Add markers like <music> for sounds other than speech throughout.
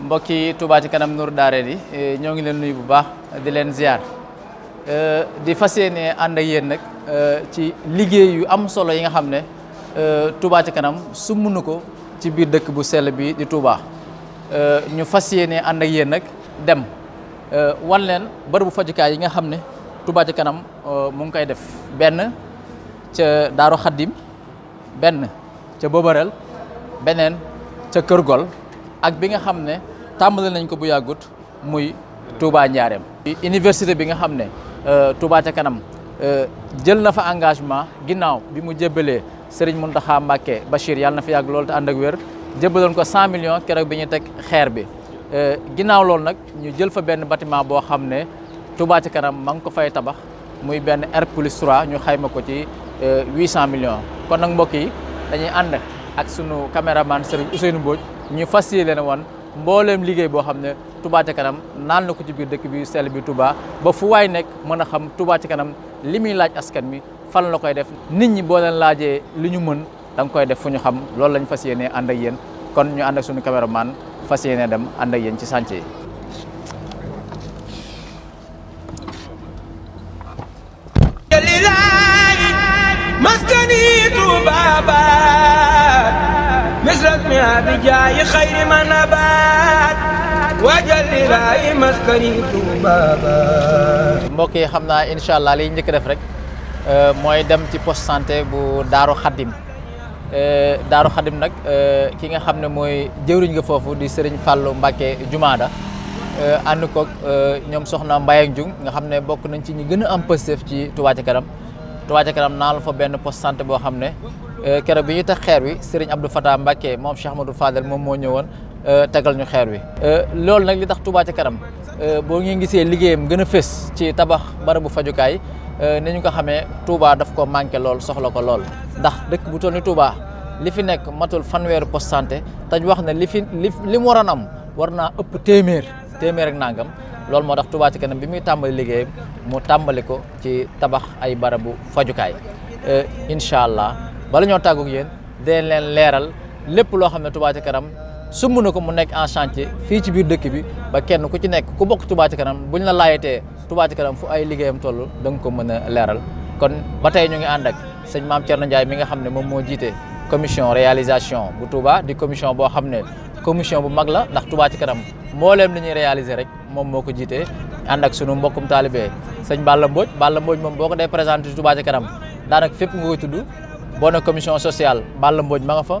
mbokki Touba ci kanam Nour Daare di ñoo ngi leen nuy bu baax di leen ziar euh, di fas yéene ànd ak yéen euh, ci liggéey yu am solo yi nga xam ne euh, Touba ci kanam sumb ko ci biir dëkk bu sell bi di Touba ñu fas yéene ànd nag dem wan bërëbu fajukaay yi nga xam ne Touba ci kanam mu ngi koy def benn ca Daaru Xaddim benn ca Bobareel beneen ca Kër Gol ak bi nga xam ne tàmbali nañ ko bu yàggut muy Touba Njaareem université bi nga xam ne euh, Touba ca kanam euh, jël na fa engagement ginnaaw bi mu jébbalee Serigne Mountakha Mbacké Bachir yàlla na fa yàgg loolu te ànd ak wér jébbaloon ko 100 millions keroog bi ñu teg xeer bi euh, ginnaaw loolu nag ñu jël fa benn batiment boo xam ne Touba ca kanam ma ngi ko fay tabax muy benn R plus 3 ñu xayma ko ci 800 millions kon nag mbokk yi dañuy ànd ak sunu caméraman Serigne Ousseynou Mbodj ñu fas yéene woon mbooleem liggéey boo xam ne Touba Ca Kanam naan na ko ci biir dëkk bi seel bi tubaa ba fu waay nekk mën a xam Touba Ca Kanam li muy laaj askan mi fan la koy def nit ñi boo leen laajee li ñu mën danga koy def fu ñu xam loolu lañ fas yéene ànd yéen kon ñu ànd ak suñu caméraman fas yéene dem ànd yéen ci sànce yi رسمها yi xam naa incha allah li njëkk def rek euh, mooy dem ci poste santé bu Daaru Xaddim euh, Daaru Xaddim nag euh, ki nga xam ne mooy jëwriñ nga foofu di Sëriñ Fàllu Mbàkke Jumaada ànd koog ñoom soxna Mbaye ak Jung nga xam ne bokk nañ ci ñi gën a am positif ci Touba ca kanam Touba ca kanam naa la fa benn poste santé boo xam ne Euh, keroog bi ñu tax xeer wi Serigne Abdou Fatah Mbacké moom Cheikh Ahmadou Fadel moom moo ñëwoon euh, tegal ñu xeer wi. Euh, loolu nag li tax Touba ca kanam boo ngeen gisee liggéeyam gën a fés ci tabax barabu fajukaay ni ko xamee Touba daf ko manqué lool soxla ko lool ndax dëkk bu toll ni Touba li fi nekk matul fanweeru poste santé tañ wax ne li fi li li mu waroon am war naa ëpp téeméer téeméer nangam. loolu moo tax Touba ci kanam bi muy tàmbali liggéeyam mu tàmbali ko ci tabax ay barabu fajukaay incha allah. bala ñoo tàggu yéen dee leen leeral lépp loo xam ne Touba karam Kanam sumb na ko mu nekk en chantier fii ci biir dëkk bi ba kenn ku ci nekk ku bokk Touba Ca Kanam buñ la laayatee Touba karam Kanam fu ay liggéeyam toll danga nga ko mën a leeral kon ba tey ñu ngi ànd ak sëñ Maam Thierno Ndiaye mi nga xam ne moom moo jiite commission réalisation bu Touba di commission boo xam ne commission bu mag la ndax Touba Ca Kanam mbooleem li ñuy réaliser rek moom moo ko jiitee ànd ak sunu mbokkum taalibe sëñ Balla Mbodj Balla Mbodj moom boo ko dee présenté Touba Ca Kanam daanaka fépp tudd boo ne commission sociale Balla Mbodj ma nga fa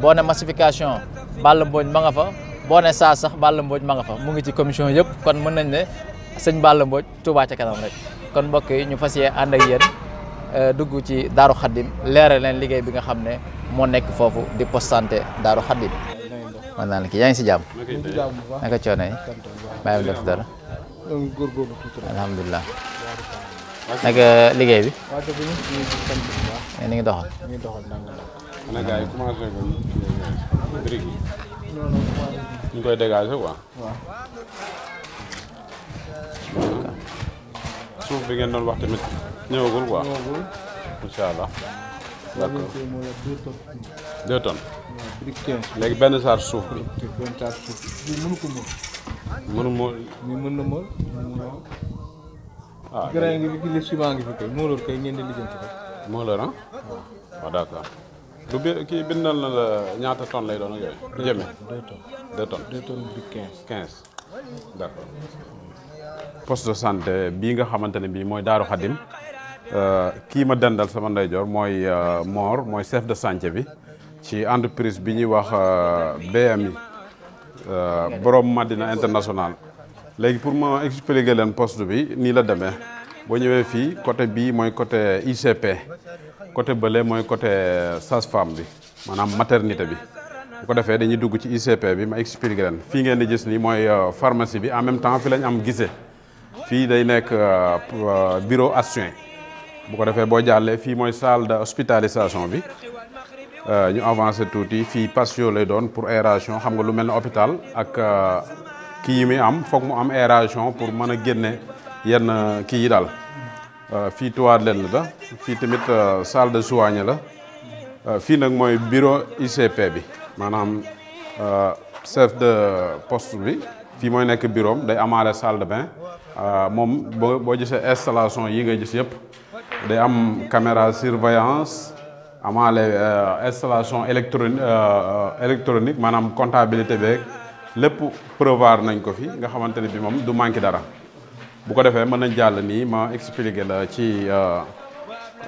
boo ne massification Balla mbooj ma nga fa boo ne saa sax Balla mbooj ma nga fa mu ngi ci commission yëpp kon mën nañ ne sëñ Balla mbooj Touba ca kanam rek kon mbokk yi ñu fas yee ànd ak yéen euh, dugg ci Daaru Xaddim leeral leen liggéey bi nga xam ne moo nekk foofu di poste Daaru Xaddim man naa la kii yaa ngi si jàmm naka coono yi bàyyi def dara alhamdulilah naka liggéey bi mais ni ngi doxal. ni ngi doxal ndànk ndànk. ana gars yi commencé ko brique koy dégager quoi. waaw. suuf bi ngeen doon wax tamit ñëwagul quoi. ñëwagul. incha allah. d' accord deux tonnes. léegi benn saar suuf bi. benn saar suuf bi mënu ko mool. mënu mool. mën na mool. waaw. ah ngi fi kii la suivant ngi fi moo moolul kay ngeen di lijjanti rek. moo lër ah waaw bi kii bindal na la ñaata tonnes lay doon ak yooyu njëme deux tonnes deux bi de santé bii nga xamante ne bii mooy Daaru Xadim euh, kii ma dendal sama ndeyjoor mooy euh, moor mooy chef de chantier bi ci entreprise bi ñuy wax euh, BMI borom Madina international léegi pour ma expliquer leen poste bi nii la demee boo ñëwee fii côté bii mooy côté ICP côté bële mooy côté sage-femme bi maanaam maternité bi bu ko defee dañuy dugg ci ICP bi ma expliqué leen fii ngeen di gis nii mooy euh, pharmacie bi en même temps fi lañ am gise fii day nekk euh, euh, bureau assuin bu ko defee boo jàllee fii mooy salle de hospitalisation bi ñu avancé tuuti fii patio lay doon pour aération xam nga lu mel ne hôpital ak kii yi muy am foog mu am aération pour mën a génne yenn kii yi daal euh, fii toilette la fii tamit euh, salle de soins la euh, fii nag mooy bureau ICP bi maanaam chef de poste bi fii mooy nekk bureau am day amaale salle de bain moom boo boo gisee installation yi nga gis yëpp day am caméra surveillance amaale installation électronique électronique maanaam comptabilité beeg lépp prévoir nañ ko fi nga xamante ni bi moom du manqué dara bu ko defee mën nañ jàll nii ma expliquer la ci euh,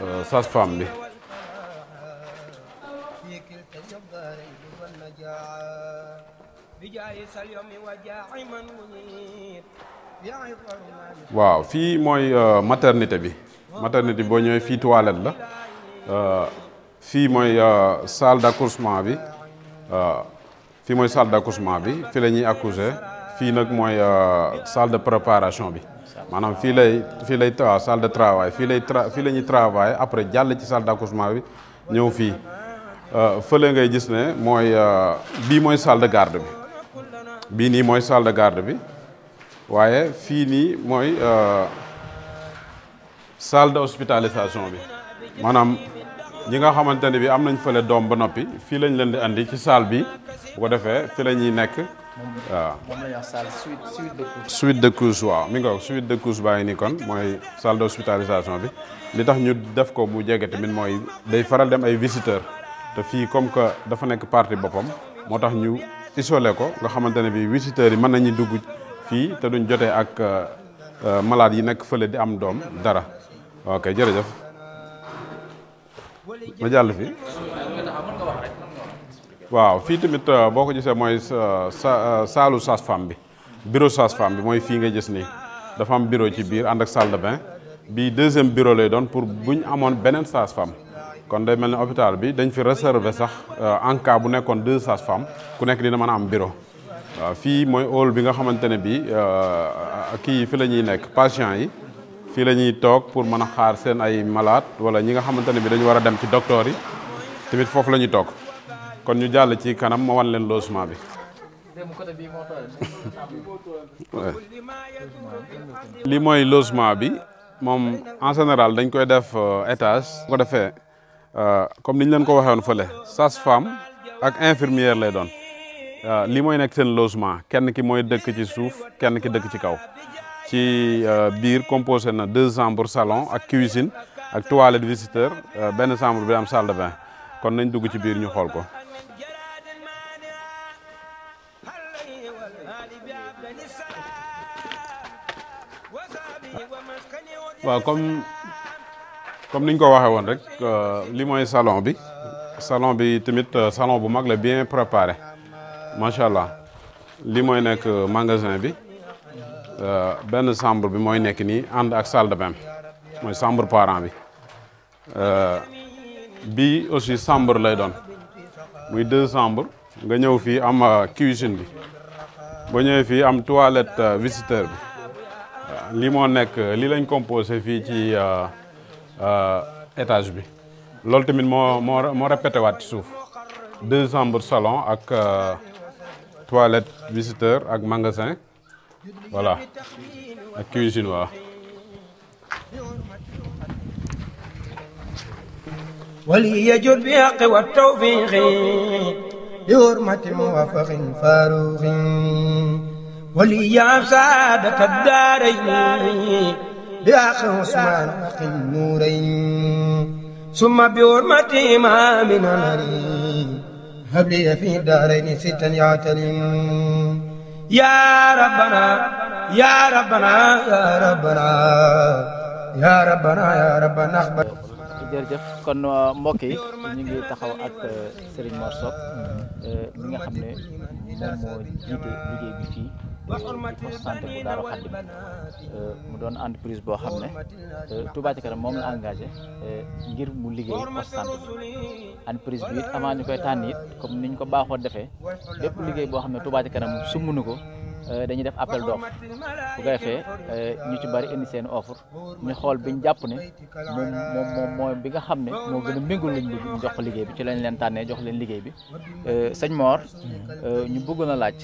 euh, sage-femme bi waaw fii mooy euh, maternité bi maternité bi boo ñëwee fii toilette la fii mooy salle d'accouchement bi fii mooy salle d'accouchement bi fii la ñuy accoucher fii nag mooy salle de préparation bi maanaam fii lay fii lay waaw salle de travail fii lay fii la ñuy travail après jàll ci salle d'accouchement bi ñëw fii euh, fële ngay gis ne mooy euh, bii mooy salle de garde bi bii nii mooy salle de garde bi waaye fii nii mooy euh, salle de hospitalisation bi maanaam ñi nga xamante ne bi am nañ fële doom ba noppi fii lañ leen di indi ci salle bi bu ko defee fi la ñuy nekk waaw moom la ñuy wax de couche. suite de couche waaw mi nga suite de couche baa ngi nii kon mooy salle d' hospitalisation bi li tax ñu def ko mu jege tamit mooy day faral dem ay visiteurs te fii comme que dafa nekk partie boppam moo tax ñu isolé ko nga xamante ne bi visiteurs yi mën nañu dugg fii te duñ jotee ak euh, euh, malade yi nekk fële di am doom dara ok jërëjëf ma jàll fi waaw fii tamit euh, boo ko jësee mooy euh, sa euh, saalu sage-femme bi bureau sage-femme bi mooy fii nga gis nii dafa am bureau ci biir ànd ak salle de bain bii deuxième bureau lay doon pour bu ñu amoon beneen sage-femme kon day mel ni hôpital bi dañ fi réserver sax en bu nekkoon deux sages-femmes ku nekk dina mën a am bureau waaw fii mooy hall bi nga xamante ne bii kii fi la ñuy nekk patients yi fii la ñuy toog pour mën a xaar seen ay malaat wala ñi nga xamante ne bi dañu war a dem ci docteur yi tamit foofu la ñuy toog kon ñu jàll ci kanam ma wan leen logement bi <laughs> lii mooy logement bi moom en général dañ koy def euh, étage bu defee euh, comme ni leen ko waxee woon fële sage-femme ak infirmière lay doon euh, lii mooy nekk seen logement kenn ki mooy dëkk ci suuf kenn ki dëkk ci kaw ci biir composé na deux chambres salon ak cuisine ak toilette visiteur benn chambre bi am salle de bain kon nañ dugg ci biir ñu xool ko waaw comme comme niñ ko waxee woon rek euh, li mooy salon bi salon bi tamit euh, salon bu mag la bien préparé macha allah lii mooy nekk euh, magasin bi benn chambre bi mooy nekk nii ànd ak salle de bain mooy chambre parent bi bi aussi chambre lay doon muy deux chambres nga ñëw fii am cuisine bi boo ñëwee fii am toilette visiteur bi li moo nekk lii lañ composé fii ci euh, euh, étage bi loolu tamit moo moo moo waat ci suuf deux chambres salon ak euh, toilette visiteur ak magasin voilà ak cuisine waaw وليجر بحق والتوفيق لحرمة موفق فاروق وليا سادة الدارين بأخ عثمان أخي النورين ثم بحرمة إمامنا مريم هب لي في الدارين ستا يعتلين يا ربنا يا ربنا يا ربنا يا ربنا يا ربنا أخبر jërëjëf kon mbokk yi ñu ngi taxaw ak Serigne Mor Sock mi nga xam ne moom moo jiite liggéey bi fii sant bu Daaru Xadim mu doon entreprise boo xam ne eh, Touba Ca Kanam moom la engagé eh, ngir mu liggéey poste santé entreprise bi it avant ñu koy tànn it comme niñ ko baaxoo defee lépp liggéey boo xam ne Touba Ca Kanam sumb na ko Euh, dañuy def appel d'offre bu ko defee euh, ñu ci bari indi seen offre ñu xool biñ jàpp ne moom moom moom mooy bi nga xam ne moo gën a méngul lañ bëgg jox ko liggéey bi ci lañ leen tànnee jox leen liggéey bi euh, ñu bëggoon a laaj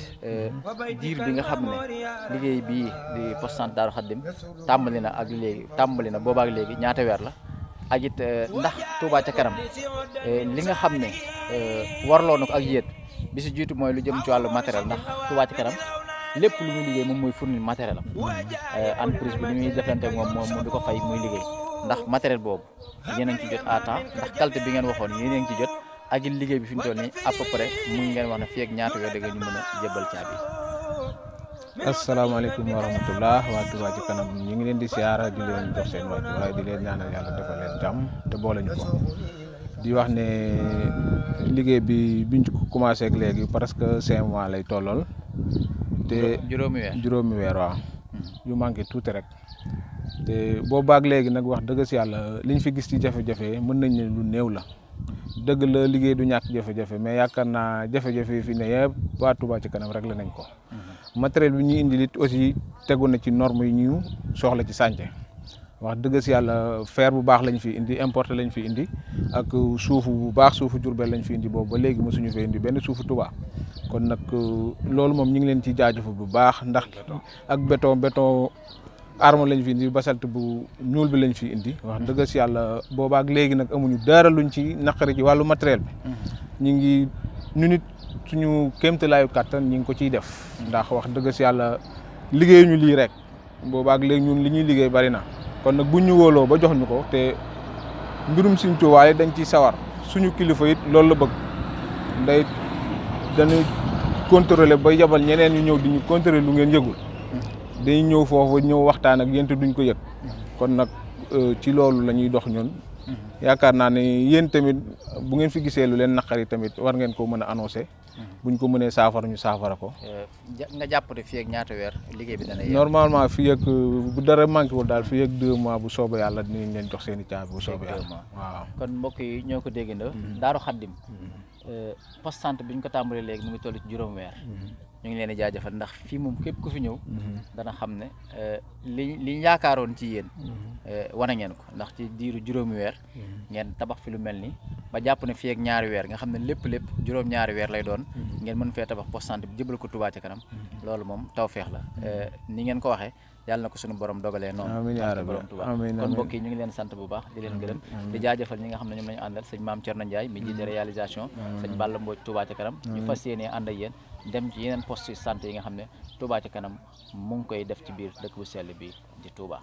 diir bi nga xam ne liggéey bii di poste santé Daaru Xaddim tàmbali na ak léegi tàmbali na boobaak léegi ñaata weer la ak it ndax Touba ca karam li nga xam ne warloo na ko ak yéen bi si jiitu mooy lu jëm ci wàllu matériel ndax Touba ca kanam lépp lu muy liggéey moom mooy fournir matériel am euh, entreprise bi li muy defante moom moom di ko fay muy liggéey ndax matériel boobu yéen a ci jot à temps ndax qualité bi ngeen waxoon yéen a ngi ci jot ak liggéey bi fi ñu toll nii à peu près muy ngeen wax ne fii ak ñaata yoo dégg ñu mën a jébal caabi. asalaamaaleykum wa rahmatulah waa Touba ci kanam ñu ngi leen di siyaara di leen jox seen wàcc waaye di leen ñaanal yàlla defal leen jàmm te boole ñu ko di wax ne liggéey bi biñ ko commencé ak léegi presque cinq mois lay tollool. te juróomi weer juróomi weer waaw. Hmm. yu manqué tuuti rek. te boobaag léegi nag wax dëgg si yàlla liñ fi gis ci jafe-jafe mën nañ ne lu néew la. dëgg la liggéey du ñàkk jafe-jafe mais yaakaar naa jafe-jafe yi fi ne yëpp waa Touba ci kanam rek la nañ ko. Hmm. matériel bi ñuy indi it aussi tegu na ci norme yu ñu soxla ci sànce. wax dëgg si yàlla feer bu baax lañ fi indi importe lañ fi indi ak suufu bu baax suufu Jurbel lañ fi indi boobu ba léegi mosuñu fee indi benn suufu Tuubaa kon nag euh, loolu moom ñu ngi leen ci jaajëfu bu baax ndax ak béton béton arme lañ fi indi basalte bu ñuul bi lañ fi indi wax dëgg si yàlla boobaak léegi nag amuñu dara luñ ci naqari ci wàllu matériel bi mhm. ñu ngi ñu nit suñu kéemtalaayu kàttan ñu ngi ko ciy def mhm. ndax wax dëgg si yàlla liggéeyuñu lii rek boobaak léegi ñun li ñuy liggéey bari na kon nag bu ñu wóoloo ba jox ñu ko te mbirum Sëriñ Tuubaa dañ ciy sawar suñu kilifa it loolu la bëgg nday dañuy contrôler ba yabal ñeneen ñu ñëw di ñu lu ngeen yëgul dañuy ñëw foofu ñëw waxtaan ak yéen duñ ko yëg kon nag euh, ci loolu lañuy dox ñun yaakaar naa ne yéen tamit bu ngeen fi gisee lu leen yi tamit war ngeen ko mën a annoncé. Mhm. buñ ko mënee saafara ñu saafara ko. Eh, nga jàpp ne fii ak ñaata weer liggéey bi dana normalement fii ak bu dara manqué wul daal fii ak mois bu soobee yàlla dinañ leen jox seen i caabi bu soobee yàlla waaw. kon mbokk yi ñoo ko déggandoo. Mhm. Daaru Xaddim. Mhm. Eh, poste santé bi ñu ko tàmbalee léegi mu ngi toll ci juróom weer. ñu ngi leen di jaajëfal ndax fii moom képp ko fi ñëw. Mhm. dana xam ne euh, li liñ yaakaaroon ci yéen. Mhm. Euh, wane ngeen ko ndax ci diiru juróom weer. Mhm. ngeen tabax fi lu mel ni ba jàpp ne fii ñaari weer nga xam ne lépp lépp juróom ñaari weer lay doon. ngeen mën fee tabax poste santé bi jëbal ko Touba ci kanam. loolu moom feex la euh, ni ngeen ko waxee. yàlla na ko suñu borom dogalee noonu borom Tuubaa kon yi ñu ngi leen sant bu baax di leen gërëm di jaajëfal ñi nga xam ne ñoom la ñu àndal sëñ Maam Cerno Ndiaye mi jiite réalisation sëñ Balla Mbooj kanam ñu fas yéene ànd ak dem ci yeneen poste sant yi nga xam ne Touba ci kanam mu ngi koy def ci biir dëkk bu sell bi di Touba.